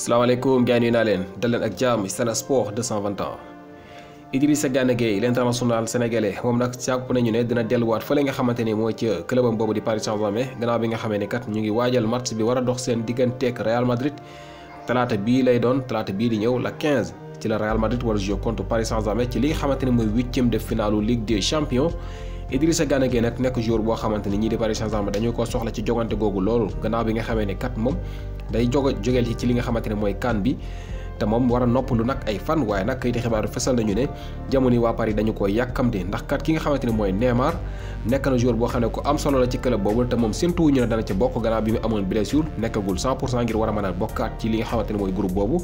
salaam gars yi nuyu naa leen dal leen ak jàmm Sen Sport 221 Idrissa Gana Gueye l'international sénégalais moom nag jàpp nañu ne dina delluwaat fële nga xamante ni mooy ca clubam boobu di Paris Saint-Germain gannaaw bi nga xamee ne kat ñu ngi waajal match bi war dox seen digganteeg Real Madrid talaata bii lay doon talaata bii di ñëw la 15 ci la Real Madrid war jouer contre Paris Saint-Germain ci li nga xamante ni mooy huitième de finalu Ligue des Champions Idrissa Gana Gueye nag nekk joueur boo xamante ni ñii di Paris Saint-Germain dañu ko soxla ci jogante googu loolu gannaaw bi nga xamee ne kat moom day joge jógeel ci li nga xamante ne mooy kan bi te a noppalu nag ay fan waaye nag kayiti xibaar fesal nañu ne jamono yi waa dañu ko yàkkamte ndax kat ki nga xamante ne mooy Neymar nekk na joueur boo xam ne ku am solo la ci club boobu te moom séntuwuñu ne dana ci bokk gannaaw bi mu amoon blessure nekkagul ngir war a mën a bokkaat ci li nga xamante ne mooy groupe boobu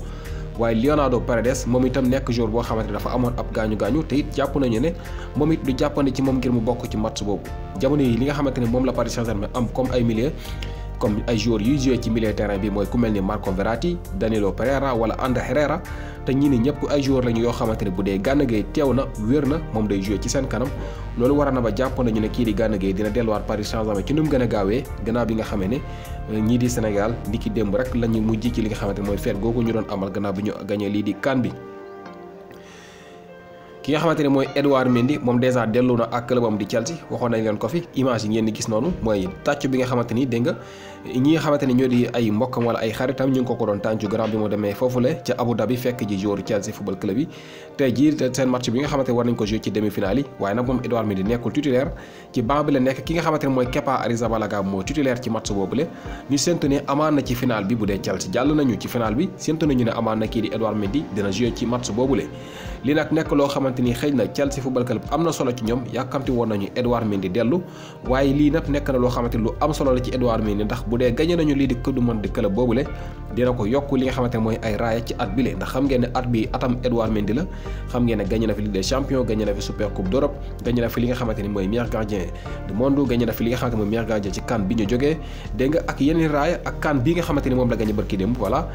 waaye Leonardo Paredes moom itam nekk jour boo xamante dafa amoon ab gaañu gaañu te it jàpp nañu ne moom it du jàppandi ci moom ngir mu bokk ci match boobu jamono yi li nga xamante ne moom la Paris Saint-Germain am comme ay milieu comme ay joueurs yuy joué ci milieu terrain bi mooy ku mel ni Marco Verratti Danilo Pereira wala André Herrera te ñi ni ñëpp ay jour lañu yoo xamante ne bu dee Gana Gueye teew na wér na moom day joué ci seen kanam loolu war na ba jàpp nañu ne kii di Gana Gueye dina delluwaat Paris Saint-Germain ci nu mu gën a gaawee gannaaw bi nga xamee ne euh, ñii di Sénégal ni ki démb rek la ñu mujj ci li nga xamante ne mooy feet googu ñu doon amal gannaaw bi ñu gañee lii di kan bi ki nga xamante ne mooy Edouard Mendy moom dèjà dellu na ak clubam di Chelsea waxoon nañ leen ko fi image yi ngeen di gis noonu mooy tàcc bi nga xamante ni dégg ñi nga xamante ñoo di ay mbokkam wala ay xaritam ñu ngi ko doon tàncu grand bi mu demee foofule ca Abu Dhabi fekk ji joueur Chelsea football club yi tey jii seen match bi nga xamante war nañ ko jouer ci demi-finale yi waaye nag moom Edouard Mendy nekkul titulaire ci banc bi la nekk ki nga xamante mooy Kepa Arrizabalaga moo titulaire ci match boobule ñu séntu ne amaan na ci final bi bu dee Chelsea jàll nañu ci final bi séntu nañu ne amaan bu dee gagné nañu lii di ko du monde di club boobule dina ko yokk li nga xamante mooy ay raaya ci at bile ndax xam ngeen ne at bi atam Edouard Mendy la xam ngeen ne gagné na fi Ligue des champions gagné na fi super coupe d'Europe gagné na fi li nga xamante ni mooy meilleur gardien du monde gagné na fi li nga xamante mooy meilleur gardien ci kan bi ñu jógee dégg nga ak yeneen raaya ak kan bi nga xamante ni moom la gagné barki démb voilà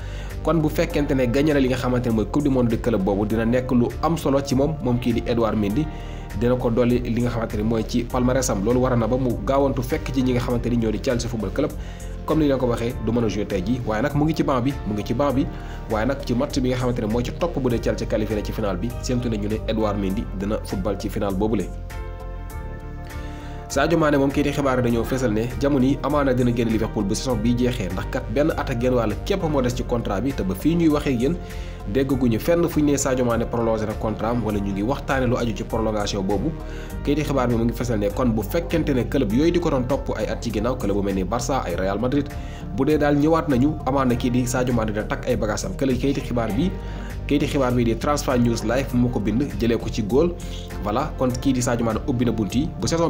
kon bu fekkente ne gagné na li nga xamante coupe du monde di club boobu dina nekk lu am solo ci moom moom kii di Edouard Mendy dina ko doli li nga xamante ni mooy ci palmarès am loolu war na ba mu gaawantu fekk ci ñi nga xamante ñoo di Chelsea football club comme ni leen ko waxee du mën a jouer tey jii waaye nag mu ngi ci banc bi mu ngi ci banc bi waaye nag ci match bi nga xamante ne mooy ci topp bu dee Chelsea qualifié na ci final bi séentu nañu ne Edouard Mendy dina football ci final boobule Sadio Mané moom kii di xibaar dañoo fesal ne jamono yi amaana dina génn Liverpool bu saison bi jeexee ndax kat benn at ak wàll képp moo des ci contrat bi te ba fii ñuy waxee yéen déggaguñu fenn fu ñu ne Sadio Mané prolongé na contrat wala ñu ngi waxtaane lu aju ci prolongation boobu kii di xibaar bi mu ngi fesal ne kon bu fekkente ne club yooyu di ko doon topp ay at ci ginnaaw club bu mel ni Barça ay Real Madrid bu dee daal ñëwaat nañu kii di Sadio Mané da takk ay bagages am kële kii di xibaar bi kii di xibaar bi di ko bind jëlee kii di Sadio Mané ubbi na bunt yi bu saison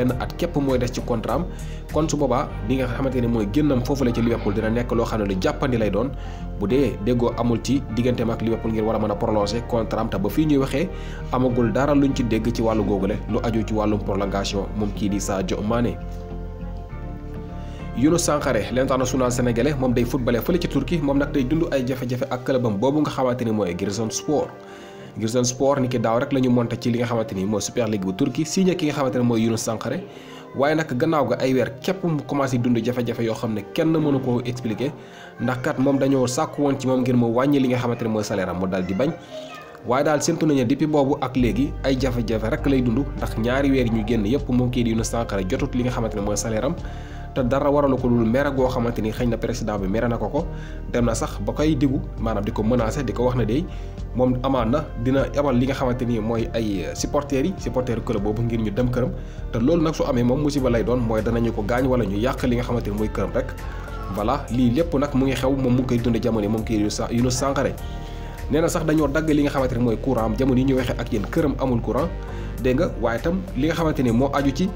lenn at képp mooy des ci contrat kon su boobaa li nga xamante ne mooy génnam foofu la ci Liverpool dina nekk loo xam ne lu jàppandi lay doon bu dee déggoo amul ci digganteem ak Liverpool ngir war a mën a prolonger contrat am te ba fii ñuy waxee amagul dara luñ ci dégg ci wàllu googule lu aju ci wàllum prolongation moom kii di Sadio Mané. Younous Sankhare sunaa sénégalais moom day footballé fële ci Turquie moom nag day dund ay jafe-jafe ak clubam boobu nga xamante ni mooy Giresunspor ngir seen sport ni ki daaw rek la ñu monté ci li nga xamante ni mooy super league bu Turquie signé ki nga xamante ne mooy Younus Sankharé waaye nag gannaaw ga ay weer képp mu commencé dund jafe-jafe yoo xam ne kenn mënu koo expliquer ndax kat moom dañoo sàkku woon ci moom ngir mu wàññi li nga xamante ne mooy salaire am mu daal di bañ waaye daal séntu nañu depuis boobu ak léegi ay jafe-jafe rek lay dund ndax ñaari weer ñu génn yépp moom kii di Younus Sankharé jotut li nga xamante ne mooy salaire am te dara waralu ko lul mer go xamanteni xeyna xëy président bi mer na ko ko dem na sax ba koy digu manam di menacer diko wax na de mom amana dina yabal li nga xamanteni moy ay supporters yi supporters club bobu ngir ñu dem kërëm te lool nak su amé mom musiba lay doon mooy danañu ko gañ wala ñu yàq li nga xamanteni moy kërëm rek voilà li lépp nak mu ngi xew mom mu koy dund jamono mom kii Younouss Sankhare nee sax dañoo dagg li nga xamanteni moy courant ñu ak yeen kërëm amul courant denga nga linga itam li nga xamanteni mo aju ci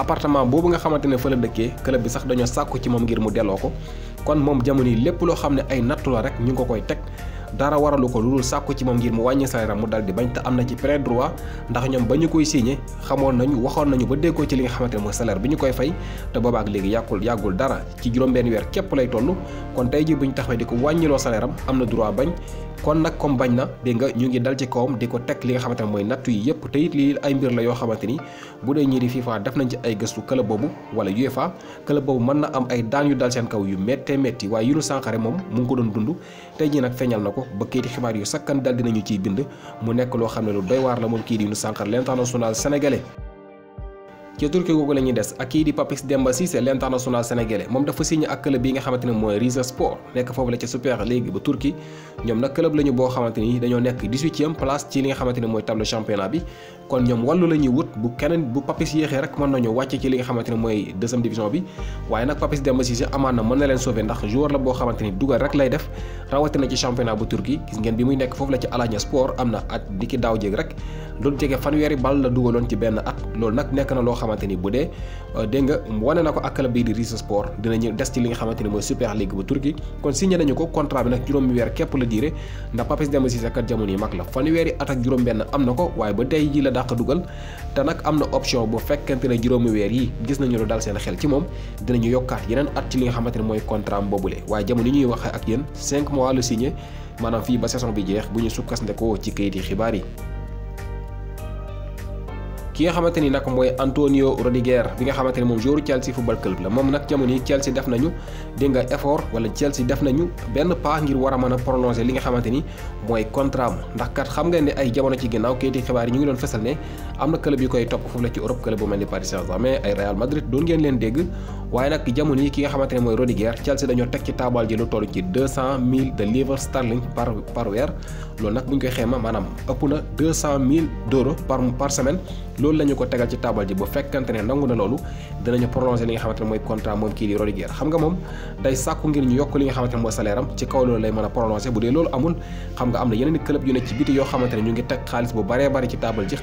appartement boobu nga xamante ne fa la dëkkee club bi sax dañoo sàkku ci moom ngir mu delloo ko kon moom jamono yi lépp loo xam ne ay nattu la rek ñu ngi ko koy teg dara waralu ko lu dul sàkku ci moom ngir mu wàññi salaire mu dal di bañ te am na ci plein droit ndax ñoom ba ñu koy signé xamoon nañu waxoon nañu ba déggoo ci li nga xamante ne mooy salaire bi ñu koy fay te ak léegi yàggul yàggul dara ci juróom-benn weer képp lay toll kon tey ji bu ñu taxawee di ko wàññiloo salaire am am na droit bañ kon nag comme bañ na dégg nga ñu ngi dal ci kawam di ko teg li nga xamante ne mooy nattu yi yëpp te lii ay mbir la yoo xamante ni bu dee ñii di FIFA def nañ ci ay gëstu club boobu wala UEFA club boobu mën na am ay daan yu dal seen kaw yu méttee métti waaye Younouss Sankharé moom mu ngi ko doon dund tey jii nag feeñal na ko ba kii di xibaar yu sakkan dal dinañu ciy bind mu nekk loo xam ne lu doy waar la moom kii di Younouss Sankharé l'international sénégalais ci Turquie googu la des ak kii di Papis Demba Cissé l'international sénégalais moom dafa signé ak club bi nga xamante ne mooy Rizespor nekk foofu la ca Super bu Turquie ñoom nag club la boo xamante ni dañoo nekk 18e place ci li nga xamante ne mooy table championnat bi kon ñom walu lañu wut bu kenen bu papis yexé rek mën nañu wacc ci li nga xamanteni moy deuxième division bi waaye nak papis dem ci amaan na mën na leen sauver ndax joueur la bo xamanteni ni dugal rek lay def na ci championnat bu turki gis ngeen bi muy nekk fofu la ci alanya sport amna at diki daw daaw jéeg rek loolu jege wéri bal la dugaloon ci ben at lool nak nekk na loo xamanteni bu dé euh, dégg nga woné nako ak club bi di Rize Sport ñu dess ci li nga xamanteni moy super league bu Turki. kon signé nañu ko contrat bi nak juroom weer képp la diire ndax papis ci sa kat jamono yi mag la wéri at ak juroom ben amna ko ba tay ji la dàq dugal te nag am na option bu fekkente ne juróomi weer yi gis nañu lu dal seen xel ci moom dinañu yokkaat yeneen at ci li nga xamante ne mooy contrat boobule waaye jamono yi ñuy wax ak yéen 5 mois la signé maanaam fii ba saison bi jeex bu ñu sukkandekoo ci kayiti xibaar yi. ki nga xamante ni nag mooy Antonio Rudiger bi nga xamante ni moom joueur Chelsea football club la moom nag jamono yi Chelsea def nañu dégg nga wala Chelsea def nañu benn pas ngir war a mën a li nga xamante ni mooy contrat ndax kat xam nga ne ay jamono ci ginnaaw kayiti xibaar yi ñu ngi doon fesal ne am na club yu koy topp foofu la ci Europe club bu mel ni Paris Saint-Germain ay Real Madrid doon ngeen leen dégg waaye nag jamono yi ki nga ne loolu la ko tegal ci taabal ji bu fekkante ne nangu na loolu dinañu prolongé li nga xamante ne mooy contrat moom kii di Rudiger xam nga moom day sàkku ngir ñu yokk li am ci kaw loolu a prolongé bu dee ngi teg xaalis bu baree bari ci taabal ji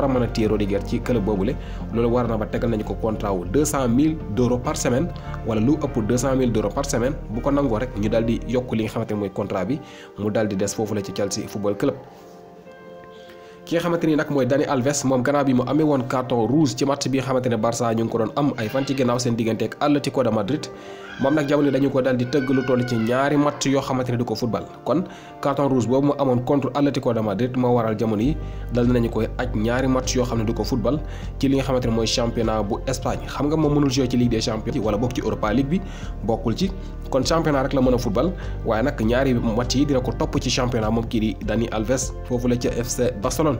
a a téye Rudiger ci club boobule loolu war na ba tegal nañu ko contrat wu 200 000 d'euros par semaine wala lu ëpp 200 000 d'euros par semaine bu ko nangoo rek ñu daal di yokk li nga xamante ne mooy contrat bi mu daal des foofu la ci Chelsea football club ki nga xamanteni nak moy Dani Alves mom kanabi bi mu amé won carton rouge ci match bi nga xamanteni Barça ñu ko doon am ay fan ci ginnaaw seen digënté ak Atlético de Madrid mom nak jamono dañu ko daldi di lu toll ci ñaari match yo xamanteni duko football kon carton rouge boobu mo amone contre Atlético de Madrid mo waral jamono yi dal nañu ko acc ñaari match yo xamanteni duko football ci li nga xamanteni moy championnat bu Espagne xam nga mo mënul jouer ci Ligue des Champions wala bok ci Europa League bi bokul ci kon championnat rek la mëna football waye nak ñaari match yi dina ko top ci championnat mom ki di Dani Alves fofu la ci FC Barcelone